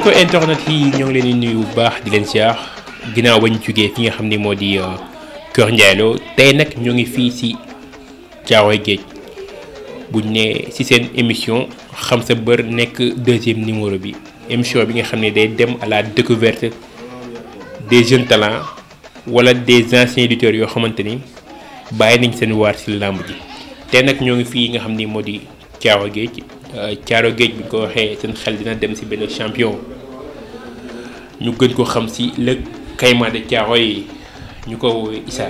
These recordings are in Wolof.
mbokk internet yi ñoo ngi leen di nuyu bu baax di leen siyaar ginnaaw bañ jugee fi nga xam ni moo di euh, Kër Ndiaye Lo tey nag ñoo ngi fii si Caaroy Géej buñ ne si seen émission xam sa bër nekk deuxième numéro bi émission bi nga xam ne day dem à la découverte des jeunes talents wala des anciens lutteurs yoo xamante ni bàyyi nañ seen waar si làmb ji tey nag ñoo ngi fii nga xam ni moo di Caaroy Géej caaro euh, géej bi ñu ko waxee seen xel dina dem ci benn champion ñu gën ko xam ci le Caïman de yi ñu ko woowee Issa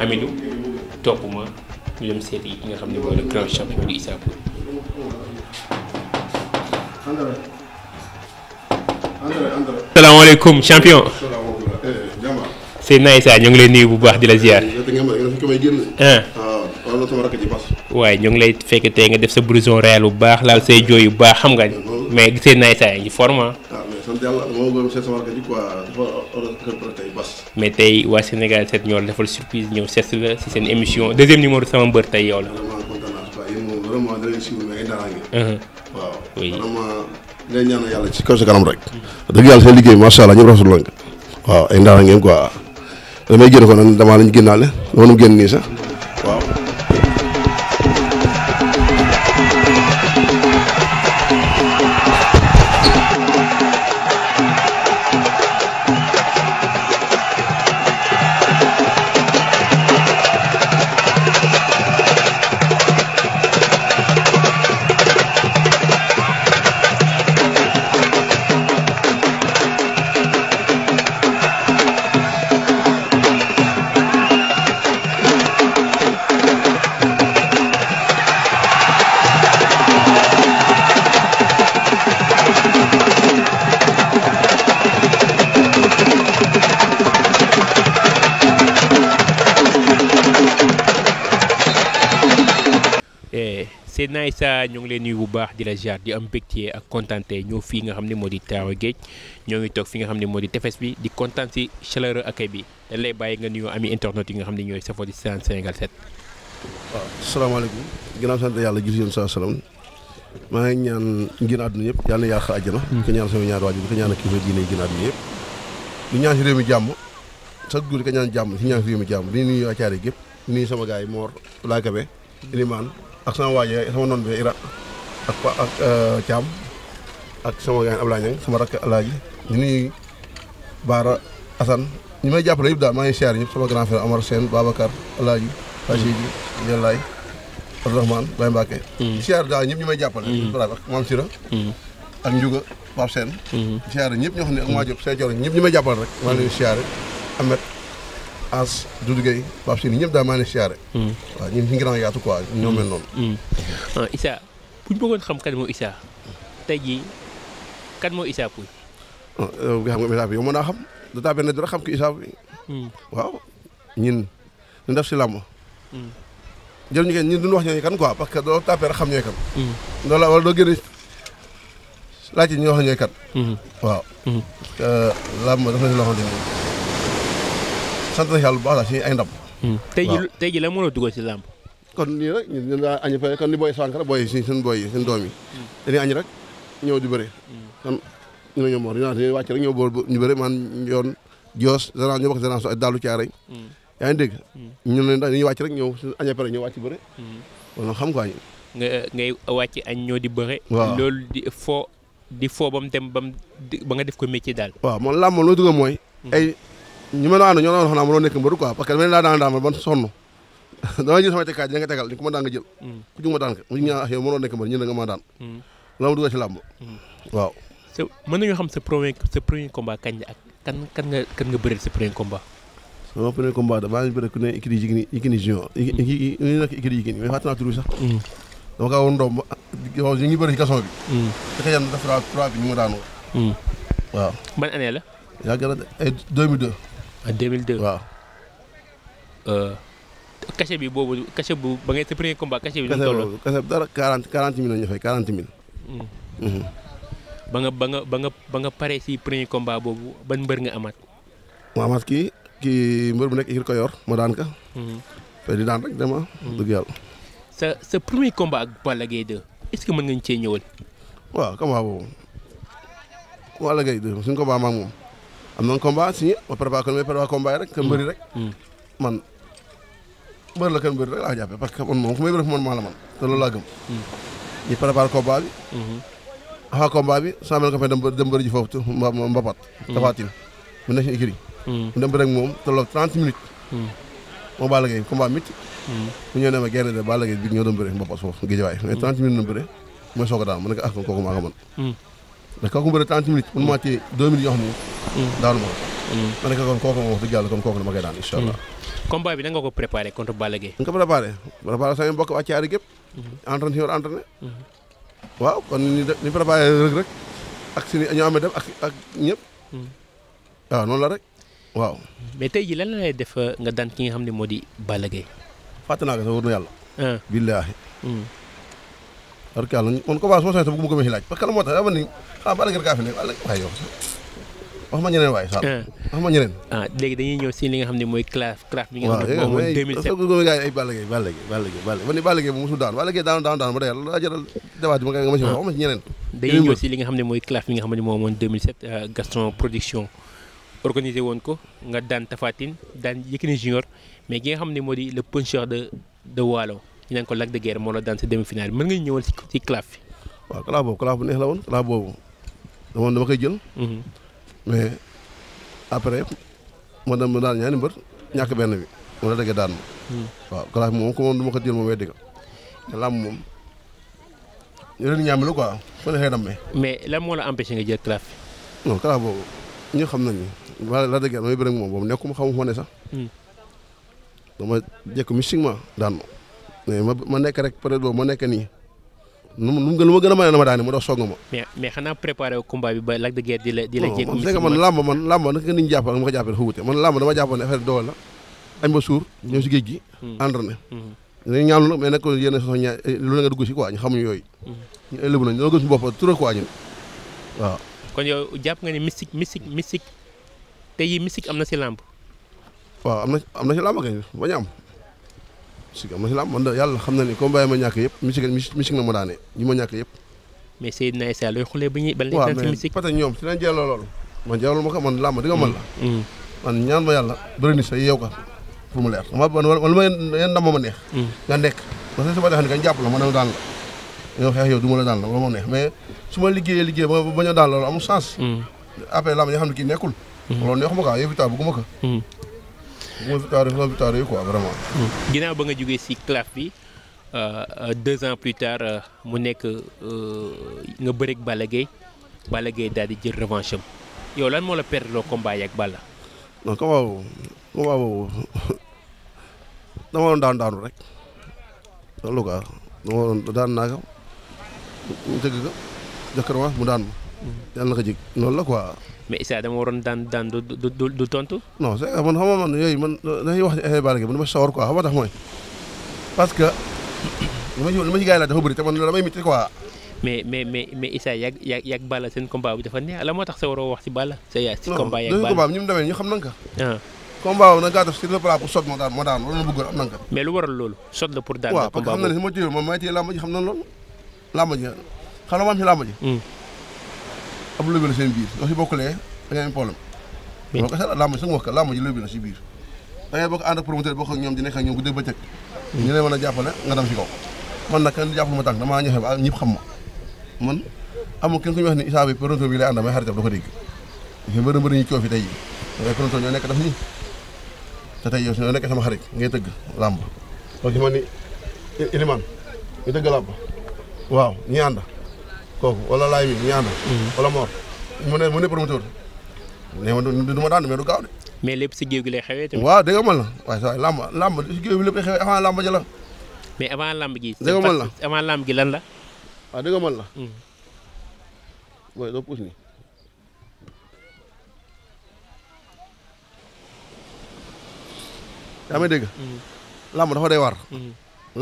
Amidou topp ma ñu dem seet yi nga xam ne mooy le grand champion di Issa Pouye salaamaaleykum champion eh, Seydina Issa ñu ngi lay nuyu bu baax di la ziar. Eh, la sama rakk ji bas. waaye ñu ngi lay fekk tey nga def sa brison réel bu baax laal say jooy yu baax xam nga. mais gisee naay saa yi forme ah. mais sant yàlla moo seet tey bas. Sénégal seet ñoo defal surprise ñëw seet si seen émission deuxième numéro sama mbër tey yow la. vraiment kontaan da leen suivre mais ay daanaka. Uh-huh. waaw vraiment ngay ñaanal yàlla ci kaw sa kanam rek. dëgg yàlla seen liggéey macha allah ñëpp rafetlu nañ ko. waaw ay ndaara ngeen quoi damay génn ko nag damaa lañ génnaale dama nu génn nii sax. Seydina Issa ñoo ngi leen nuyu bu baax di la ziar di am mbégte ak kontaan tey ñoo fii nga xam ni moo di Taawa Géej ñoo ngi toog fi nga xam ne moo di tefes bi di kontaan si chaleureux accueil bi dañ lay bàyyi nga nuyoo ami internet yi nga xam ne ñooy safoo di saan Sénégal 7. waaw salaamaaleykum ginnaaw sant yàlla gis yéen saa salaam maa ngi ñaan ngir àdduna yëpp yàlla na yàq àjjana. Hmm. di ko ñaan sama ñaar waajur di ko ñaan ak kilifa diine ngir àdduna si réew mi jàmm sa góor ka ko ñaan jàmm si ñaan si jàmm di nuyu accaare gépp di nuyu sama gars ak sama waaj sama noon bi Iran ak Pa ak euh, Thiam ak sama gaañ Ablaye sama rakk Alaaji ñu nuyu Baara Assane ñi may jàppale yëpp daal maa ngi siyaar ñëpp sama grand frère Omar Sène Babacar Alaaji Rachid Yàllaay mm. may jàppale mm. brave ak Mame Sira mm. ak Ndiouga Pape Sène siyaar ñëpp ñoo xam ne ñëpp ñi may jàppale rek maa ngi leen Amet As du Gueye Pape Sini ñëpp daal maa ne siyaare hmm. waaw ñun ñu ngi yaatu quoi ñoo noonu. Hmm. Hmm. Ah, Issa bu ñu bëggoon xam kan moo Issa tey jii kan moo Issa Pouye. Ah, yow xam nga xam da taa benn dara xam ki Issa bi. waaw ñun ñu def si làmb. jëriñu kenn ñun duñu wax ñooñu kan quoi parce que doo tapé rek xam ñooy kan. loolu la wala doo génne laajte ñu wax ñooy kan. waaw. Euh, làmb dafa la si loxo sant na yàlla bu baax daal si ay ndam. waaw tey jii tey jii a dugal si làmb. kon nii rek ñu daa añu fa kon ni booy sànq rek booy si suñu booy yi suñu doom yi. dañuy añ rek ñëw di bëre. ñu ne ñoom wax dañuy wàcc rek ñëw bool ñu bëre man yoon Dios gannaaw ñu bokk gannaaw su ay ñëw añee pare ñëw wàcc bëre. wala xam nga nga añ ñoo di bëre. waaw loolu di foo di foo ba mu dem ba mu ba nga def ko métier daal. waaw man làmb moom lu mooy. ñi ma doon ànd ñoo doon xanaa mënoo nekk mbëru quoi parce que dama leen daa daan daan ban sonn damay jël sama tekkaay dina nga tegal ni ku ma daan nga jël mm. ku jug ma daan ka mu ñaa yow mënoo nekk mbër ñi da nga ma daan mm. loolu ma dugal ci làmb mm. waaw mën nañu xam sa premier sa premier combat kañ ak kan kan nga kan nga bëreel sa premier combat sama premier combat da maa ngi bëre ku ne Ikiri Yékini Yékini junior ñu nekk Ikiri Yékini mais fàtte naa tur bi sax dama kaa woon ndoom ñu ngi bëri ci kason bi daka yan dafa trois bi ñu ma daan waaw ban année la yàgg na ay 2002 en 2002 waaw. Euh, cachet bi boobu cachet bu ba nga sa premier combat cachet bi. nu mu toll cachet dara 40 40 mille la fay 40 mille. Hmm. Hmm. ba nga ba ba nga pare si premier combat boobu ban mbër nga amaat. ma amaat kii kii mbër bu nekk Ikir Koyor ma daan ka. te hmm. di daan rek dama dëgg yàlla. sa premier combat ak Balla Gaye 2 est mën nga ñu cee ñëwal. waaw combat boobu Balla Gaye 2 suñu combat ma ak moom. am na combat signé ma préparé kon yi rek. kan rek. Mm. man bëri la kan rek laa jàppee parce man moom ku may bëri man maa man te loolu laa gëm. Mm. ñu préparé bi. xaw combat bi saa mel ko fay dem ba dem bëri ji foofu mba mbapat. Mm. tafatin mu nekk si mu dem moom tolloog 30 minutes. moom Balla Gaye combat métti. bu ñëwee ma génn de Balla Gaye ñoo doon mbapat foofu géejawaay. mais 30 la mu bëri mooy soog a daal mu nekk ah kooku maa ko mën. ndax kooku mu bëri 30 minutes mën maa téye 2 minutes Mm. daanu ma ko. Mm. ma ne ko kon kooku moom wax dëgg yàlla kon kooku dama koy daan incha allah. Mm. combat bi nan nga ko préparé contre Balla Gaye. nga préparé préparé mbokk waa Thiaré gépp. Mm-hmm. entraîné war entraîné. Mm-hmm. waaw kon ni préparé rek rek ak suñu ñoo amee def ak ñëpp. noonu la rek waaw. mais tey jii lan la lay def nga daan ki nga xam ne moo di Balla Gaye. fàtte naa ko sax wër na yàlla. Ah. billaahi. parce que yàlla moo tax daa ma ni ah Balla Gaye kaa fi nekk waaye yow. wax ma ñeneen waaye Sall. Eh. wax ah, léegi dañuy ñëw si li nga xam ne mooy classe classe eh, bi nga xam ne moom 2007 waaw yooyu ay Balla Gaye Balla xam ne mooy classe bi nga xam ne moom moom 2007 Gaston production organisé woon ko nga daan Tafatine daan Yékini Junior mais ki nga xam ne moo di le puncheur de Waalo ñu ko Lac de Guerre moo la daan sa demi finale mën nga ñëwoon si si classe bi. waaw boobu classe bu neex la woon classe boobu dama dama jël mm-hmm. mais après ma dem ma daan ñaari mbër ñàkk benn bi ma la déggee daan ma. Hmm. waaw classe moom ko moom duma ma ko jël moom weddi ko te làmb moom yeneen ñaam la quoi fa la xëy dammee. mais lan moo la empêché nga jël classe. non xam nañu ne waaye la déggee damay bëri moom boobu nekkuma xamu ma ne sax. Hmm. dama jekk mystiquement daan ma mais ma nekk rek peut-être boobu ma nekk nii. nu mu nu mu lu ma gën a mën a ma daane mu dox soog ma. mais mais xanaa préparé wu combat bi ba Lac di la di la jékku. non man làmb man làmb man làmb dama jàppoon la a soxla hmm. hmm. eh, nga dugg si quoi ñu xamuñu yooyu. Hmm. ñu ëllëgu nañ dañoo gën suñu bopp tural quoi ñun waaw. kon yow jàpp nga ne mystique mystique te yi mystique am na si làmb. waaw am na si làmb kay bañ am Musique am na si la man da yàlla xam na ni combat yi ma ñàkk yëpp musique musique na ma daane ñi ma ñàkk yëpp. mais Seydina Issa looy xoolee ba ñuy. ba léegi daal ci musique waaw mais peut être ñoom si lañ jëloo loolu. man jëloo ma ko man làmb di nga mën la. man ñaan ma yàlla bëri na sa yow ka pour mu leer ma man wala ma yéen ndam ma ma neex. nga nekk parce que su ma defee nii kañ jàpp la ma dem daan la. yow xeex yow du ma la daan la wala ma neex mais su ma liggéeyee liggéey ba ba ñu daan loolu amul sens. après làmb ñi nga xam ne kii nekkul. loolu neexuma ko ay évita bëgguma ko bu ma ba nga jógee si CLAF bi euh, euh, deux ans plus tard euh, mu nekk nga bëreeg Balla Gaye Balla Gaye daal di jël revanche yow lan moo la perdre loo combat ak Balla. non combat dama doon daan daanu rek loolu quoi dama doon daan naa ko mu tëgg ko mu daan ma. yàlla na ko jig noonu la quoi. mais Issa dama waroon daan daan du du du tontu. non c'est man xam nga man ma tax mooy parce que ma ci li yi laaj dafa bëri te man damay ah. daan moo daan la bëggoon loolu sot la pour daan. combat boobu waaw parce que xam na ne si ma ci moom maa ngi téye xam na loolu am lóbi la seen biir soo si bokkulee da ngay am problème. loolu la làmb ji su ma wax ko làmb ji lóbi la si biir da bokk ànd ak promoteur bokk ak ñoom di nekk ak ñoom guddee bëccëg. a jàppale nga dem si kaw. man nag ma tànk damaa ba ñëpp xam man amul kenn ku ñu wax ni Issa bi promoteur bi lay ànd ko dégg. dafa bëri bëri ñu coow fi tey jii dangay promoteur ñoo nekk daf ñu te tey yow su ñoo nekk sama xarit ngay tëgg làmb. parce que man ni Ilimane ñu tëgg làmb waaw ñi ànd kooku wala laay bi ñaana mm-hmm. wala moor mu mu ne promoteur ne ma du ma daan mais du gaaw de mais lépp si géew gi lay xewee tamit waaw dégg nga la waaye saa làmb làmb si géew gi lépp xewee avant làmb ji gi lan la a dégg nga man la mooy mm-hmm. doo puus nii yaa may dégg mm-hmm. làmb dafa day war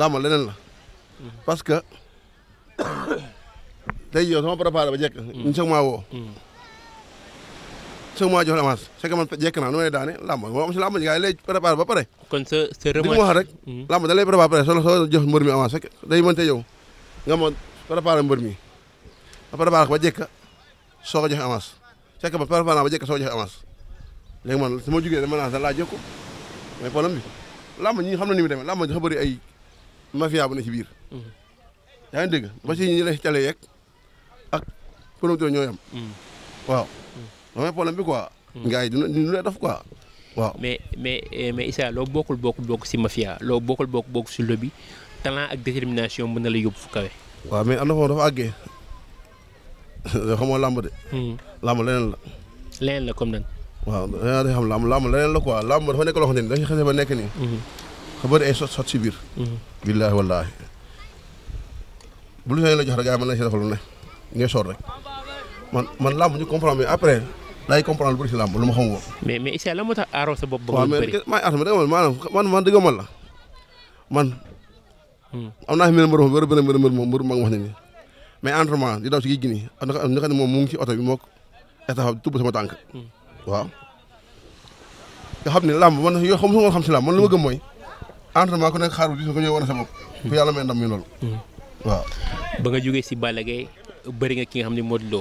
làmb leneen la parce que tey joo yow sama ba jekk. ñun chaque mois woo. chaque mm. mois jox la avance chaque mois jekk naa nu ma lay daane làmb moo am si làmb ji ba pare. kon wax rek. Mm. làmb da lay préparé soo soo jox mbër mi avance rek day mënte yow nga mën préparé mbër mi nga préparé ko ba jekk soo ko joxe avance chaque mois préparé naa ba jekk soo ko joxe avance léegi man su ma jugee dama naan sax laa jokk mais problème bi làmb ñi xam na ni mu demee làmb dafa bëri ay mafia bu ne ci biir. Mm. yaa ngi dégg ba si ñi lay cale promoteur ñooy am. Mm. waaw. damay problème bi quoi. Mm. gars yi dina dina def quoi waaw. mais mais eh, mais loo bokkul bokkul bokk si mafia loo bokk bokk si lobby talent ak détermination mën na la yóbbu fu kawe. waaw mais am na foofu dafa àggee xamoo làmb de. Mm. làmb la. leneen la comme nan. waaw leneen la xam làmb làmb leneen la quoi làmb dafa nekk loo xamante ni dafa xasee ba nekk nii. Mm-hmm. xabar ay sot sot si biir. Mm-hmm. billaahi wallaahi. bu lu seen la jox rek gars yi mën nañ si defal lu ne ngay sot rek. man man làmb ñu comprendre mais après laay comprendre lu bëri si làmb lu ma xam woon. mais mais Issa la moo tax aaroo sa bopp. ba mu bëri waaw mais man man maanaam man man dëgg man la man. Hmm. am naa fi mel ni mbër mbër mbër mbër mbër mag wax ne nii mais entraînement di daw si géej gi nii am na xam ne moom mu ngi ci oto bi moog estafam tubb sama tànk. Hmm. waaw nga xam ne làmb man yoo xam nga xam si làmb man li ma gëm mooy entraînement ku nekk xaar bi gis nga ñëw wane sa bopp. Hmm. ku yàlla may ndam mi loolu. waaw. ba nga jógee si Balla Gaye bëri nga ki nga xam ne Modou Lo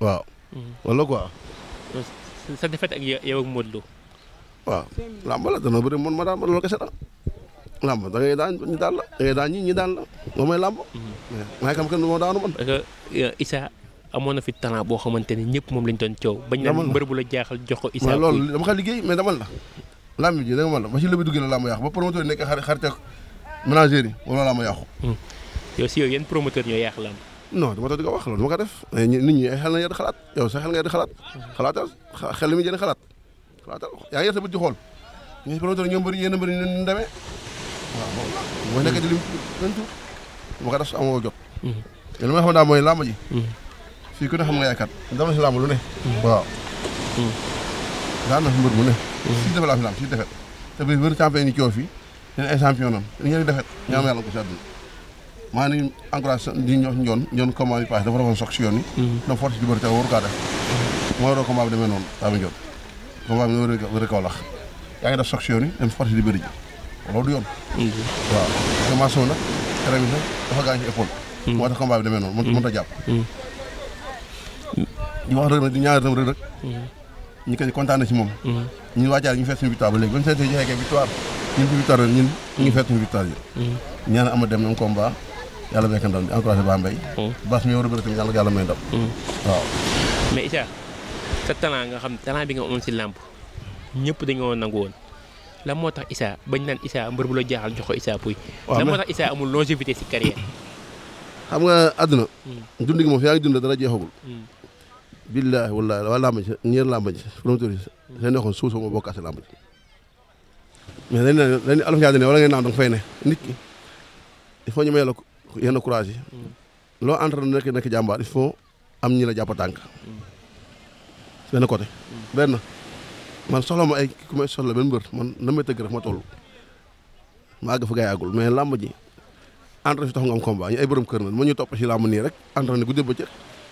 waaw. Mhm. wala quoi. sa defet ak yow ak Modou Lo. waaw làmb la dana bëri man ma daan ma loolu kese la. làmb da daan ñu daan la da daan ñi ñi daan la moom mooy làmb. Mhm. waaye kam kenn moo daanu man. parce amoon na fi talent boo xamante ne ñëpp moom lañ doon coow. bañ na mbër bu la jaaxal jox ko. Issa loolu dama xam liggéey mais daman la. làmb ji da nga ma la ba ci lëbi dugg la làmb yàqu ba promoteur nekk xar xarite ménagères yi wala làmb yàqu. ñoo mhm. yàq làmb. non dama tax di ko wax loolu dama ko def eh, nit ñi ay xel na yar xalaat yow sa xel nga yar xalaat xalaatal xel li muy jëriñ xalaat xalaatal yaa ngi yar sa bët xool ñi promoteur ñoom bëri yéen a bëri ñu demee waaw mooy nekk di lim lëntu ko def su amoo jot mm-hmm. li ma xam daal mooy làmb ji mm-hmm. fii ku ne yaakaar dama si làmb lu ne mm-hmm. waaw daan na fi mbër mu ne si defe laa fi làmb si defet te bi wër champion yi coow fii leen ay champion am ñi defet ñaam yàlla ko si àdduna maa ngi encouragé di ñoo ñoon ñoon combat bi passé dafa defoon soog si yoon yi mhm. da mhm. def mooy doo yi dem di bëri ji loolu du yoon mhm. waaw te Mansour nag rami nag dafa gaañ ci moo tax combat bi demee noonu mënut a jàpp di wax rek nag di ñaanal tam ñu koy kontaan na moom ñu waajaar ñu feet suñu victoire ba léegi bañ seetee victoire ñun ñu ngi feet suñu victoire yi ñaan ama dem na combat yàlla may ko ndam di encouragé mm. a bëri tamit yàlla mm. sa talent nga xam talent bi nga amoon si làmb ñëpp dañoo nangu woon lan moo tax Issa bañ naan Issa mbër bu la jaaxal jox ko Issa Pouye. lan moo tax Issa amul longévité si carrière. xam nga àdduna. Mm. dund gi moom yaa ngi dund dara jeexagul. billaahi wallaahi waa làmb ji ñeer làmb ji promoteur yi seen waxoon suuf soo ma bokkaat si làmb ji mais dañ ne dañ ne alhamdulilah wala ngay naan danga fay ne nit ki il faut ñu yenn courage yi. Mm. loo entraîné nekk nekk jàmbaar il am ñi la jàpp tànk. Mm. benn côté. Mm. man soxla ma ay ku may soxla benn mbër man nama may tëgg ma toll. maa àgg fa gaa yàggul mais làmb ji entraîné fi tax am combat ñu ay borom kër na ma ñu topp si làmb nii rek entraîné guddi ba ca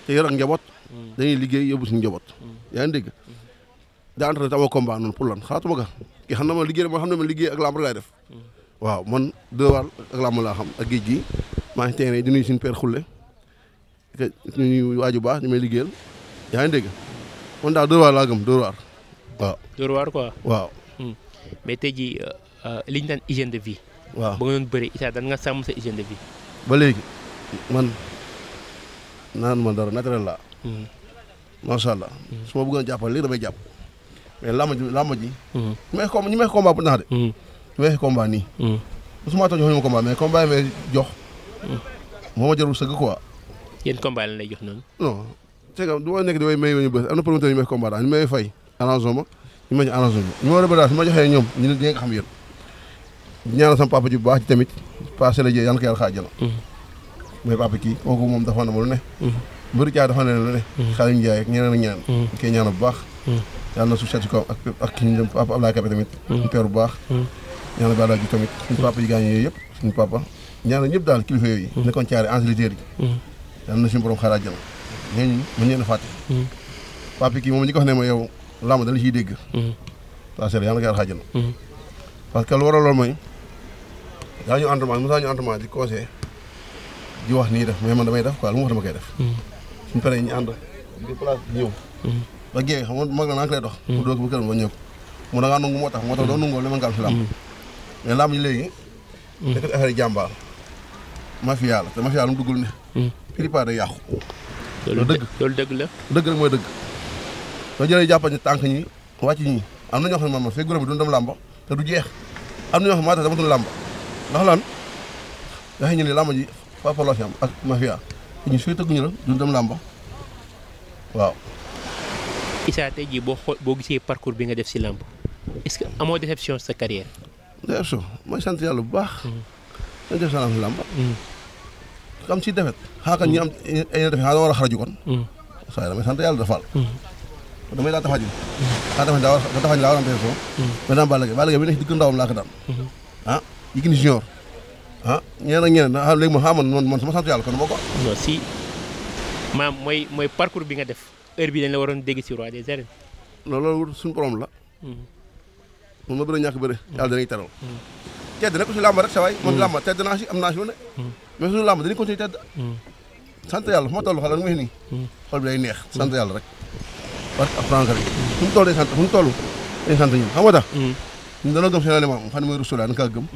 te yor ak dañuy liggéey yóbbu suñu njaboot. yaa ngi dégg daa entraîné te amoo combat noonu pour lan xalaatuma ka ma liggéey ma xam ne ma liggéey ak làmb laay def. waaw man deux waar ak làmb laa xam ak géej gi. maa ngi tey di nuyu suñu père Khoule que ñu waaju baax ñu may liggéeyal yaa ngi dégg kon daal Dóor waar laa gëm Dóor waar waaw. Dóor waar quoi waaw. Hmm. mais tey jii euh, euh, li ñu daan hygiène de vie. waaw ba nga doon bëri nga sàmm sa hygiène de vie. ba léegi man naan ma dara naturel laa. Hmm. macha allah. Hmm. su ma bëggoon jàppale léegi damay jàpp mais làmb ji làmb ji. ñu may combat bu naax de. ñu may combat nii. su ma toog joxuñu ma combat mais combat yi jox. moo a jarul sëgg quoi. yéen combat la lay jox noonu. non c'est que du ma nekk di may may ñu bës am na promoteur yu may combat daal ñu may fay arrangement ma ñu may ñu arrangement ñu ma a daal su ma joxee ñoom ñu ne nga xam yéen ñaanal sama papa ji bu baax ci tamit passé la jë yàlla ko yàlla xaajal. Mm-hmm. mais papa kii kooku mm-hmm. mm-hmm. ñu yëpp suñu papa ñaanal ñëpp daal kilifa yooyu. Mm. nekkoon caare angéliteur yi. Mm. yal na suñu borom xaaraa jël. ñooñu mën leen a fàtte. Mm. papi kii moom ñi ko ne ma yow làmb dana ciy dégg. saa seetlu yàlla na ko yàlla xaajal. parce que lu waral loolu mooy daañu entraînement mosaa ñu entraînement di conseil def mais man damay def quoi lu mu wax nga mag moo tax moo tax doo nangoo li ma nga am si làmb. mais làmb yi léegi. dafa affaire jàmbaar. mafia la te mafia lu mu duggul ne. Hmm. PRIPA day loolu dëgg loolu dëgg la. dëgg rek mooy dëgg. soo jëlee jàppal ni tànk ñi wàcc ñi am na ñoo man man fekk góor bi duñ làmba te du jeex am na ñoo ma ne maa tax dama doon làmba ndax lan yaa ngi ne làmba ji papa loo ak mafia te ñun suy tëgguñu la duñ làmba waaw. Issa tey jii boo xoo boo gisee parcours bi nga def si làmb est amoo déception sa carrière. déception mooy sant yàlla bu baax. Hmm. dañu def challenge lamb am si defet xaaka ñi am ay defet mm. xaa war a xaraju kon saa damay sant yàlla dafaal damay daa tafaaj xaa tafaaj daa war a tafaaj laa war am perso mais daan Balla Gaye Balla Gaye bi nekk digg mm-hmm. junior ah ñeneen ak ñeneen a léegi ma xaa man man sama sant yàlla kon moo ko non si maam mooy mooy parcours bi nga def heure bi la waroon dégg si roi des arènes non loolu suñu borom la mm. mun ma bëri ñàkk bëri mm. yàlla tedd na suñu làmb rek sa waay man hmm. làmb tedd naa si am naa si lu ne hmm. mais suñu làmb dañuy continuer tedd hmm. sant yàlla fu ma toll xalaat mu ngi nii xol bi day neex sant yàlla rek parce que apprendre rek fu mu toll day sant fu mu toll day sant ñun xam nga tax ñun dañoo gëm seen aliment xam ne mooy rasulaa na kaa gëm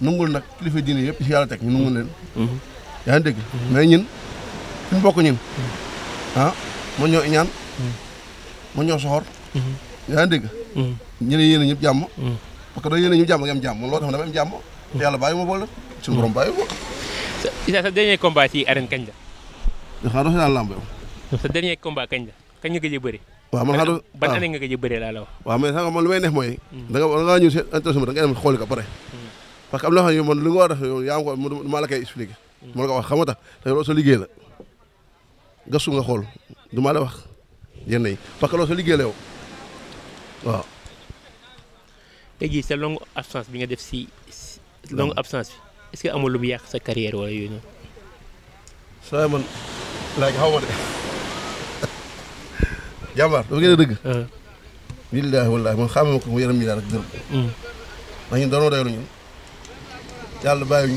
nungul nag kilifa diine yëpp si yàlla teg ñu nungul leen yaa ngi dégg mais ñun suñu bokk ñun ah ma ñoo iñaan a ñëpp jàmm parce que doo yéene ñu jàmm nga am jàmm moom loo tax dama am jàmm. te yàlla bàyyi ma boole. suñu borom bàyyi ma. sa Issa sa dernier combat ci arène kañ la. de xaaral sa lamb yow. sa dernier combat kañ la kañ nga gëj a bëri. waaw man xaaral ban année nga gëj a bëri laa la wax. waaw mais sax man li may neex mooy. Hmm. da nga da ngaa ñëw seen intéressé da nga dem xooli ko pare. Hmm. parce que am na xam ne man li nga war a def yow yaa ngi ko maa la koy expliqué. Hmm. ma la ko wax xam nga tax te loolu sa liggéey la gëstu nga xool du ma la wax yenn yi parce que loolu sa liggéey la yow waaw tey jii sa longue absence bi nga def si longue absence bi est-ce que amul sa carrière wala yooyu noonu. saa man léegi xaw ma de jàmbaar dafa gën a dëgg. Uh-huh. billaahi wallaahi man xaaral ma ko mu yaram mi daal rek dërëm. Mm. ndax ñu. bu mm.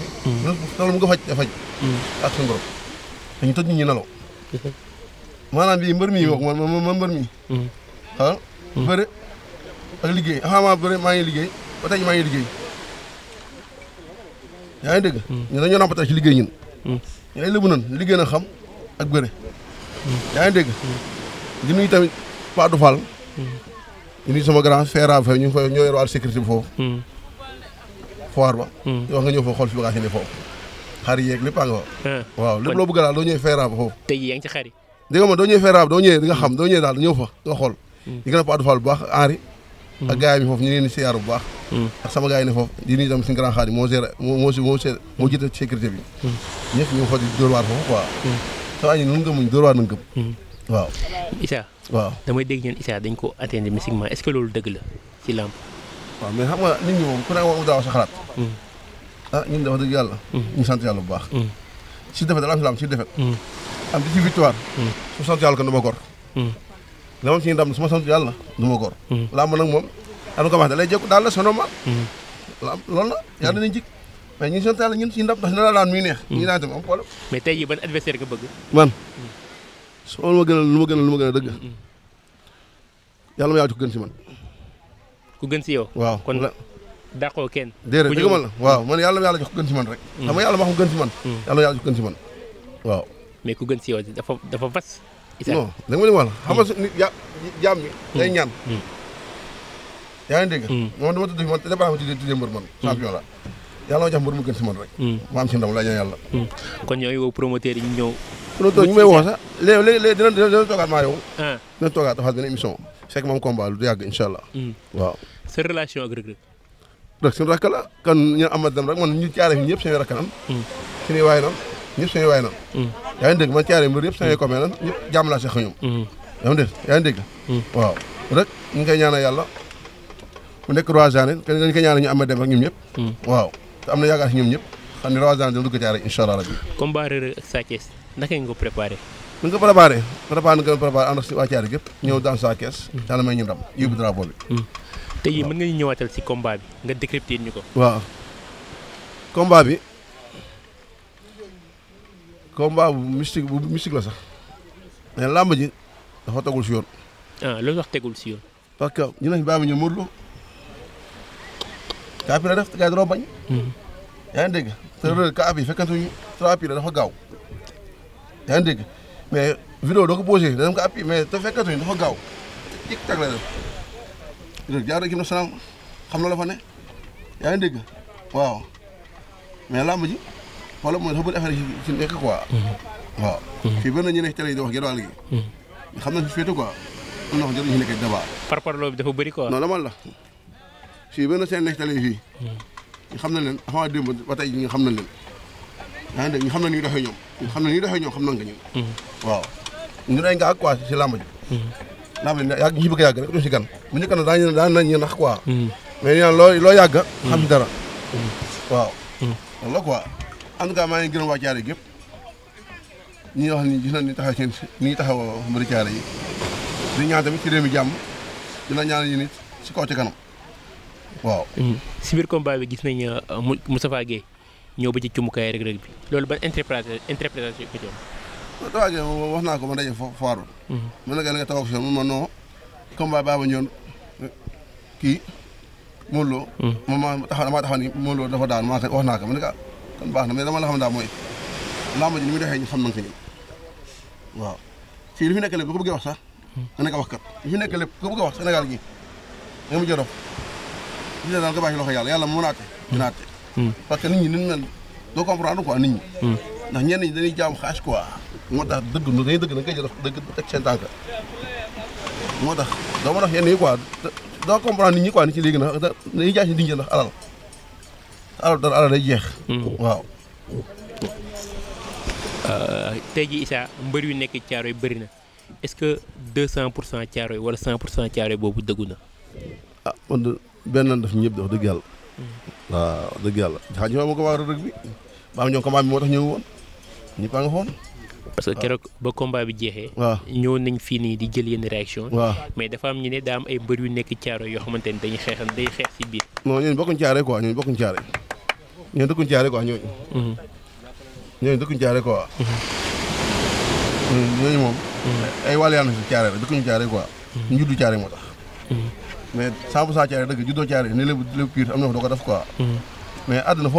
mm. ñu ñu naloo. maanaam bii mbër mi wax man mi. ah. ak liggéey avant maa bëri maa ngi liggéey ba tey maa ngi liggéey yaa ngi dégg. Hmm. ñun dañoo nampatal ci liggéey ñun. ñu ay lëbu liggéey na xam ak bëre. Hmm. yaa ngi dégg. Hmm. di nuyu tamit Paa du Fall. di nuyu ñu ngi fay ñoo yor wàllu sécurité bi ba. wax nga ñëw foofu xool fi bagage yi ne foofu. xar yeeg lépp a nga fa. Eh. waaw lépp loo bëgg daal doo ñëwee Feera ba foofu. doo ñëwee Feera doo ñëwee di nga xam doo ñëwee daal ñëw fa nga xool. di nga ne Paa du Fall bu baax ak gars yi foofu ñu leen di siyaar bu baax hmm. ak sama gars yi ne foofu di nuyu tam suñu grand xaar yi moo géré moo moo moo jiite sécurité bi hmm. ñëpp ñu ngi xool dóor waar foofu quoi sama hmm. ñi nun gëmuñ dóor waar nañ gëm waaw Issa waaw damay dégg ñeen Issa dañ ko atteindre mystiquement est-ce que loolu dëgg la ci làmb waaw mais xam nga nit ñi moom ku ne moom daa wax sa xalaat ah dafa dëgg yàlla ñu sant yàlla bu baax si defet alhamdulilah si defet am di ci victoire su sant yàlla ko du ma la moom ci ndam su ma sant yàlla du ma góor hmm. moom dañu ko wax da lay jékku daal la c'est normal la loolu la yàlla dinañ jik mais ñu ngi sant yàlla ñun suñu ndam ndax dina daan muy neex ñu daan tamit am problème mais tey jii ban adversaire nga bëgg man hmm. su ma gënal lu ma gënal lu dëgg hmm. yàlla ma yàlla ci ko gën si man ku gën si yow waaw kon dàqoo kenn dëgg man la waaw man yàlla yàlla jox ko gën si man rek xam nga yàlla ma ko gën si man yàlla yàlla jox ko gën si man waaw mais ku gën si yow dafa dafa Issa non da nga ma leen wax xam nga su nit ya jaam bi day mm. ñaan mm. yaa ngi dégg mm. moom dama tudd man départ ma tuddee tuddee mbër man champion la yàlla ma jox mbër mu gën si man rek ma am si ndam la ñaan yàlla kon ñooy wow promoteur yi ñu ñëw promoteur ñu may woo sax léegi léegi dina dina toogaat maa yow ah. dina toogaat dafa benn émission fekk moom combat lu yàgg incha allah waaw sa relation ak Reug rek suñu rakk kan ñu am rek man ñu caare fi ñëpp seen nan suñuy waay nan ñëpp suñuy waay nan yaa ngi dégg man caare mbir yëpp samay commune lan ñëpp jàmm laa seq ñoom mm-hmm. yaa ngi dégg yaa ngi dégg mm-hmm. waaw rek ñu ngi koy ñaanal yàlla mu nekk roi genné kenn dañ koy ñaanal ñu amee dem rek ñoom ñëpp mm-hmm. waaw te am na yaakaar si ñoom ñëpp xam ne roi genné dina dugg caare incha allah rabbi combat Reug Reug ak Sa Thiès naka nga ko préparé ni nga ko préparé préparé na gën a préparé ànd ak si waa caare yëpp ñëw daan Sa Thiès yàlla may ñu ndam yóbbu drapeau bi tey mën nga ñu ñëwaatal si combat bi nga décrypter ñu ko waaw combat bi combat bu mystique bu mystique la sax mais làmb ji dafa tegul si yoon. ah loolu wax tegul si yoon. parce que ñu ne baabi ñu Modou Lo kaapi la def gars yi dañoo bañ. Hmm. yaa ngi te hmm. loolu kaapi fekkante ñu trapi la dafa gaaw yaa ngi dégg mais vidéo doo ko posé da dem kaapi mais te fekkante ñu dafa gaaw la def jaar équipe nationale xam na la fa ne yaa ngi dégg waaw làmb ji. problème mooy dafa bëri affaire ci nekk quoi. Mm-hmm. waaw. Mm-hmm. fii bëri na ñu nekk télé yi di wax genn wàll gi. Mm-hmm. xam nañ fi féete quoi am na wax jot ñu nekk débat. bi dafa na seen nekk télé yi fii. ñu xam nañ leen avant démb ba tey ñu xam ñu xam nañ ñu doxee ñoom. ñu xam nañ ñu doxee ñoom xam nañ ko ñun. waaw ñu ay nga ak quoi si làmb ñu si bëgg na daañu daan nañ loo loo yàgg. xam si dara. waaw en tout cas maa ngi gërëm waa Thiaré gépp ñi nga xam ne gis nañ ni taxaw seen ni ñu taxaw mbiri Thiaré yi di ñaan tamit ci réew mi jàmm dina ñaan ñu nit si kaw ci kanam waaw. Mhm. si biir combat gis nañ euh, Moustapha Guèye ñëw ba ci cumukaay rek rek bi loolu ban interprétation interprétation ko ci ma daje fo faaru. Mhm. mën na kii Modou Lo. Mhm. moom maa taxaw damaa taxaw ni dafa daan maa wax naa ko ma ne ko kon baax na mais dama la xam daal mooy làmb ji ni muy doxee ñu xam nañ ko ñun waaw fii li fi nekk lépp ku ko bëggee wax sax nga nekk wax kat nekk lépp ku ko bëggee wax gi nga mujj a dof li daal nga bàyyi loxo yàlla yàlla moo naate dina hmm. que nit ñi nit mel doo comprendre quoi nit ñi hmm. ndax ñenn moo tax dëgg nu dëgg na koy jël dëgg teg seen tànk moo tax doo ma tax yenn yi quoi doo comprendre nit ñi quoi ni ci léegi na dañuy jaay alal da alal day jeex. Hmm. waaw. Euh, tey jii Issa mbër yu nekk Caaroy bëri na est-ce que 200 pour cent Caaroy wala 100 pour cent Caaroy boobu dëggu na. ah man de benn daf ñëpp de wax dëgg yàlla. Hmm. waaw wax dëgg yàlla xaj na ma ko waa bi maam ñoom combat bi moo tax ñëw woon ñëpp a nga xoon. parce que keroog ba combat bi jeexee. waaw ñëw nañ fii nii di jël yenn réaction. waa mais dafa am ñu ne daa am ay mbër yu nekk caaro yoo xamante ne dañuy xeexal day xeex si biir. non ñooñu bokkuñ Caaroy quoi ñooñu bokkuñ Caaroy. ñoo dëkkuñ caare quoi ñooñu. ñooñu dëkkuñ caare quoi. ñooñu moom. ay wàll yaa na si caare la dëkkuñu caare quoi. ñu juddu caare moo mais saabu saa caare dëgg juddoo caare ni lébu lébu pire am na fa doo ko def quoi. mais àdduna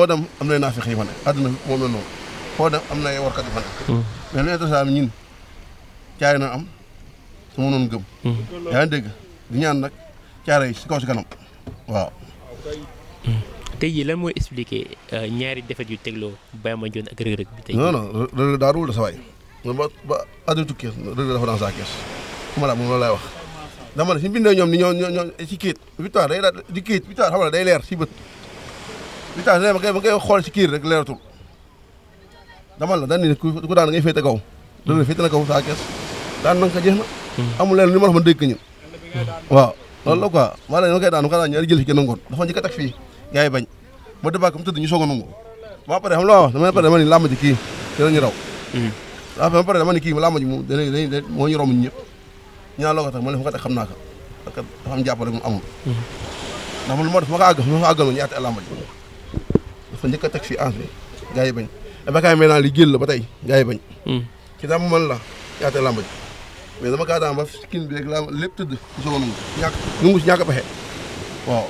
na naafiq yi fa ne àdduna moom la noonu foo dem am na ay warkat yi fa ne. mais lu intéressant ñun caare na am su ma noonu gëm. yaa ngi dégg di ñaan nag caare te jii lan mooy expliquer euh, ñaari defet yu tegloo Baye Mandione ak Reug Reug bi tey. non non Reug daa ruul da sa waay man ba ba àdduna tukki dafa dans sa kees ku ma la moom wax. dama ne fi mu bindee ni ñoo ñoo ci kayit victoire day di kayit victoire leer si bët victoire day ma koy ma xool si kayit rek leeratul dama la daan ni ku daan ngay féete kaw. Reug Reug na kaw saa kees daan na ko jeex na. Hmm. amul leen li ma la wax man dégg ñu. waaw loolu la quoi maa daan ma koy daan ñaari jël fi kenn ngoon dafa njëkk a fii. gars yi bañ ba débat comme tëdd ñu soog a nangu ba pare xam la wax hmm. dama pare dama ni làmb kii te lañu raw waaw ba pare dama moo ñu romb ñëpp ñu naan loo ko tax ma ne fu nga tax naa ko parce que dafa am jàpp rek hmm. lu ma def ma ko àgg ma ko àggal ma ñu àtte làmb ji dafa njëkk a teg fii en gars yi bañ abakaay mee naa li la ba tey gars yi bañ ci hmm. la yaate làmb ji mais dama kaa daan ba kin bi a nangu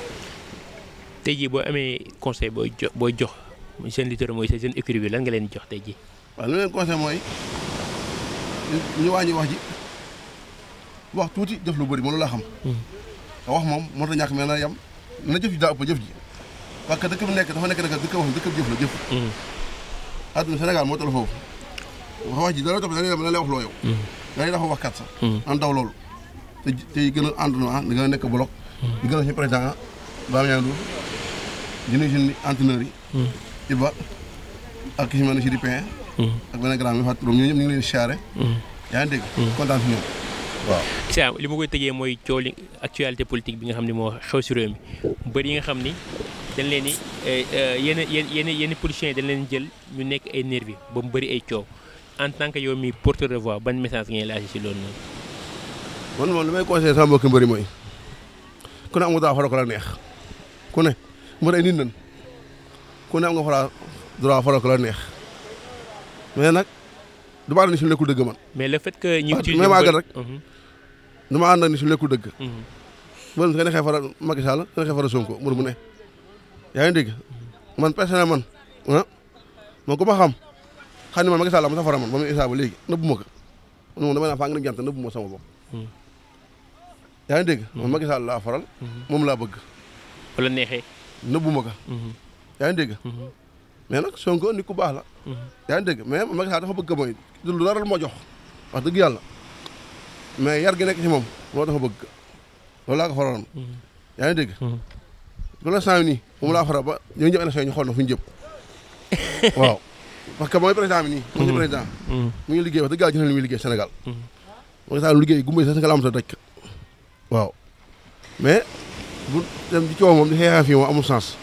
tey jii boo amee conseil boo jox booy jox seen lutteur mooy seen écurie bi lan nga leen jox tey jii. waaw li leen conseil mooy ñu wàññi wax ji wax tuuti def lu bëri moom laa xam. Hmm. te wax moom moo tax ñàkk mel na yam na jëf ji daa ëpp jëf ji parce que dëkk bi nekk dafa nekk nag dëkk wax dëkk jëf la jëf. Hmm. moo toll foofu wax wax ji dara topp da ngay dem da lay wax loo yow. Hmm. da an loolu te gën a àndandoo ah gën a nekk bloc. di gën a suñu président Babacar Diouf di nuyu suñu entraîneur hmm. si mel hmm. ne Sidi Pain. Hmm. li ma koy tëjee mooy coow li politique bi nga xam ne moo xew si mi mu bëri yi nga xam ni dañ leen ni eh, eh, yenn yenn yenn politiciens yi dañ leen jël ñu nekk ay nervi ba mu bëri ay coow en tant que yow mi porteur de voix message ngay laaj si loolu noonu. man moom li may conseillé sama mbokki mbëri mooy ku ne amul daa xoro ko la neex. ku ne mbër ay nit a ku ne am nga fara droit fara ko la neex mais nag du ma ànd man. mais le fait que ñu mhm. ma ànd ak ni suñu a dëgg. mbër mhm. mi su ko neexee fara Macky Sall su ko neexee fara Sonko mbër mu ne. yaa ngi dégg man personnel man ah, ma xam xam ne man ma sa fara man ba mu Issa ba léegi nëbbu ma ko man moom damay naan faa ngi ma sama bopp. Mhm. yaa ngi man Macky Sall laa wala neexee. nëbbuma ko. Mhm. yaa ngi dégg. Mhm. mais nag Sonko nit ku baax la. Mhm. yaa ngi dégg mais Macky Sall dafa bëgg mooy lu naral ma jox wax dëgg yàlla mais yar gi nekk ci moom loolu dafa bëgg loolu laa ko faraloon. yaa ngi dégg. loolu la saa yu nii moom laa faral ba ñu jëm élection ñu xool na fu ñu jëm waaw parce que mooy président bi ñu président. mu ngi liggéey wax dëgg yàlla gis nañu li muy liggéey Sénégal. Macky Sall liggéey gumba Sénégal sa daj waaw bu dem di coow moom di xeexaa fii moom amul sens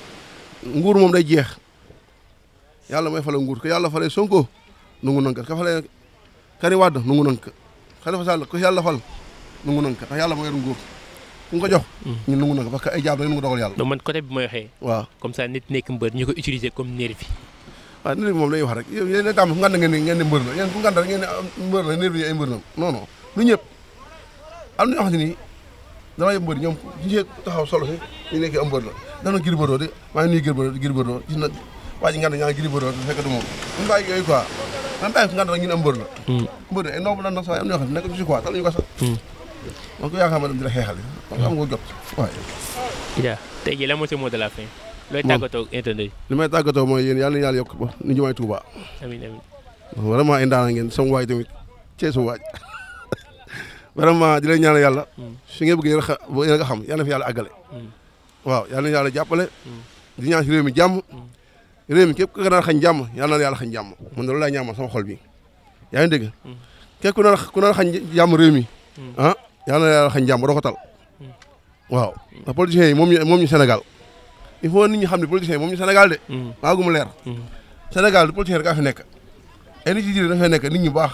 nguur moom day jeex yàlla mooy fale nguur ko yàlla fale Sonko nungu nanka ka fale Karim Wade nungu nanka Khalifa Sall ko yàlla fal nungu nanka ndax yàlla moo yor nguur ku nga ko jox. Hmm. ñun nungu nanka parce que ay jaam dañu ko dogal yàlla. donc man côté bi ma waxee. waaw comme ça nit nekk mbër ñu ko utiliser comme nervi. waaw nervi moom lay wax rek yéen yéen a tàmm fu ngand ngeen ne ngeen ne mbër la yéen fu ngand rek ngeen ne ah, mbër la nervi ay mbër la non non lu ñëpp am na ñoo xam ne nii danaa yëpp mbër ñoom ñi taxaw solo si ñu nekkee am mbër la dana Gris Bordeaux di maa ngi nuyu Gris Bordeaux Gris Bordeaux gis na waa ji nga ne ñaa Gris Bordeaux la mbër hmm. ay ndoom la na sa am ñoo xam ne nekk ci quoi tal ko sax man ko ma dem di la xeexal yi am nga moo si la fin looy tàggatoo internet li may tàggatoo mooy yéen yàlla na yàlla yokk ba ni jumaay Tuuba amiin amiin vraiment ay vraiment di leen ñaanal yàlla fi nga bëgg yéen a xam yàlla na fi yàlla àggale mm. waaw yàlla na yàlla jàppale mm. di ñaan si réew mi jàmm mm. réew mi képp ku naan xañ yàlla na yàlla xañ jàmm man loolu laa ñaamal sama xol bi yaa ngi dégg képp ku naan ku naan xañ jàmm réew mi ah yàlla na yàlla xañ jàmm doo ko tal waaw ndax politiciens yi moom ñu il faut nit xam ne politiciens yi moom ñu Sénégal de maa gum leer Sénégal du politiciens rek a fi nekk ay nit yi jëlee dafay nekk nit ñi baax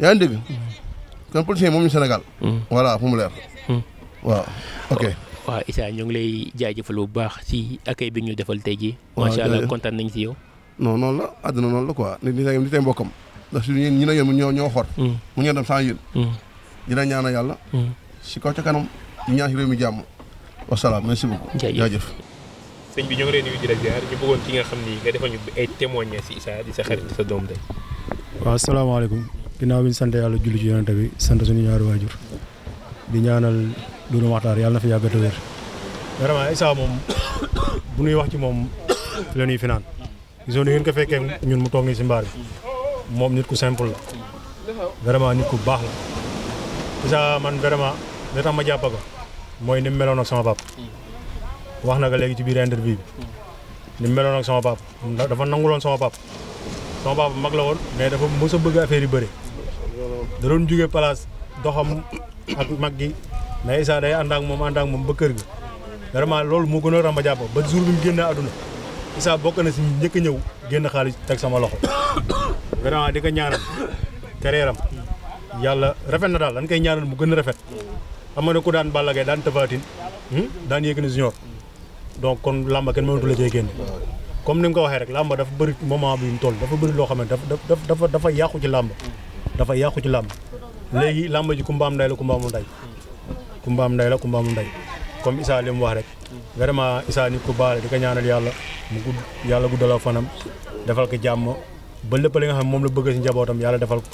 yaa kon politicien moom ñu Sénégal. Hmm. voilà fu mu leer. Hmm. waaw ok. waaw Issa ñu ngi lay jaajëfal bu baax si accueil bi ñu defal tey jii. waaw allah kontaan nañ si yow. noonu la àdduna noonu la quoi nit ñi dañuy tey mbokkam ndax su ñu ne yéen ñoo ñoo xool. Hmm. mu ñoo dem sans yéen. dina ñaanal yàlla. si kaw ca kanam ñu ñaan si réew mi jàmm. wasalaam merci beaucoup. jaajëf jaajëf. sëñ bi ñoo ngi lay nuyu di la ziar ñu bëggoon ci nga xam ni nga defal ñu ay témoignages si Issa di sa xarit sa doom ginnaaw bi ñu sant yàlla julli ci yonante bi sant suñu ñaari waajur di ñaanal Doudou Makhtar yàlla na fi yàggata wér vraiment Issa moom bu ñuy wax ci moom fi la ñuy finaan gisoo ni ngeen ko fekkee ñun mu toog nii si mbaar bi moom nit ku simple la vraiment nit ku baax la Issa man vraiment ma jàpp ko mooy ni meloon ak sama pap wax na ko léegi ci biir interview bi ni mu meloon ak sama pap dafa nanguloon sama pap sama papa mag la woon mais dafa mës a bëgg da doon jóge place doxam ak mag gi mais Issa day ànd moom ànd moom ba kër gi vraiment loolu moo gën a ramba jàpp ba jour bi mu génne àdduna Issa bokk na si njëkk a ñëw génn xaalis teg sama loxo vraiment di ko ñaanal carrière am yàlla rafet na daal dañ koy ñaanal mu gën a rafet xam nga ne ku daan Balla daan Tapha Tine hmm? daan Yékini Junior donc kon làmba kenn mënatu la cee génne comme ni nga ko waxee rek làmba dafa bëri moment bi mu dafa bëri loo xam ne dafa dafa dafa yàqu ci dafa yàqu ci làmb léegi làmb ji ku mbaam nday la ku mbaamu nday ku mbaam nday la ku mbaamu nday comme Issa li mu wax rek vraiment Issa nit ku baax di ko ñaanal yàlla mu gudd yàlla guddaloo fanam defal ko jàmm ba lépp li nga xam moom la bëgg si njabootam yàlla defal ko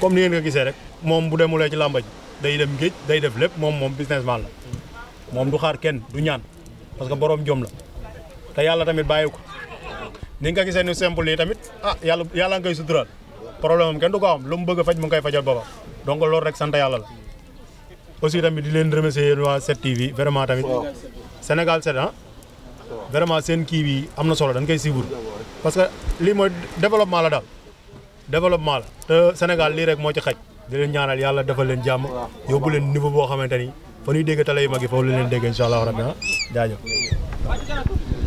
comme ni ngeen ko gisee rek moom bu demulee ci làmba ji day dem géej day def lépp moom moom businessman la moom du xaar kenn du ñaan parce que borom jom la te yàlla tamit bàyyi ko ni nga problème am kenn du ko am lu mu bëgg a faj mu ngi koy fajal boppam donc loolu rek sant yàlla la aussi tamit di leen remercier yéen waa 7TV vraiment tamit Sénégal 7 ah vraiment seen kii bi am na solo dañ koy siibur parce que lii mooy développement la daal développement la te Sénégal lii rek moo ci xaj di leen ñaanal yàlla defal leen jàmm yóbbu leen niveau boo xamante ni fa ñuy dégg télé yu mag yi foofu la leen dégg incha allah rabbi ah. jaajëf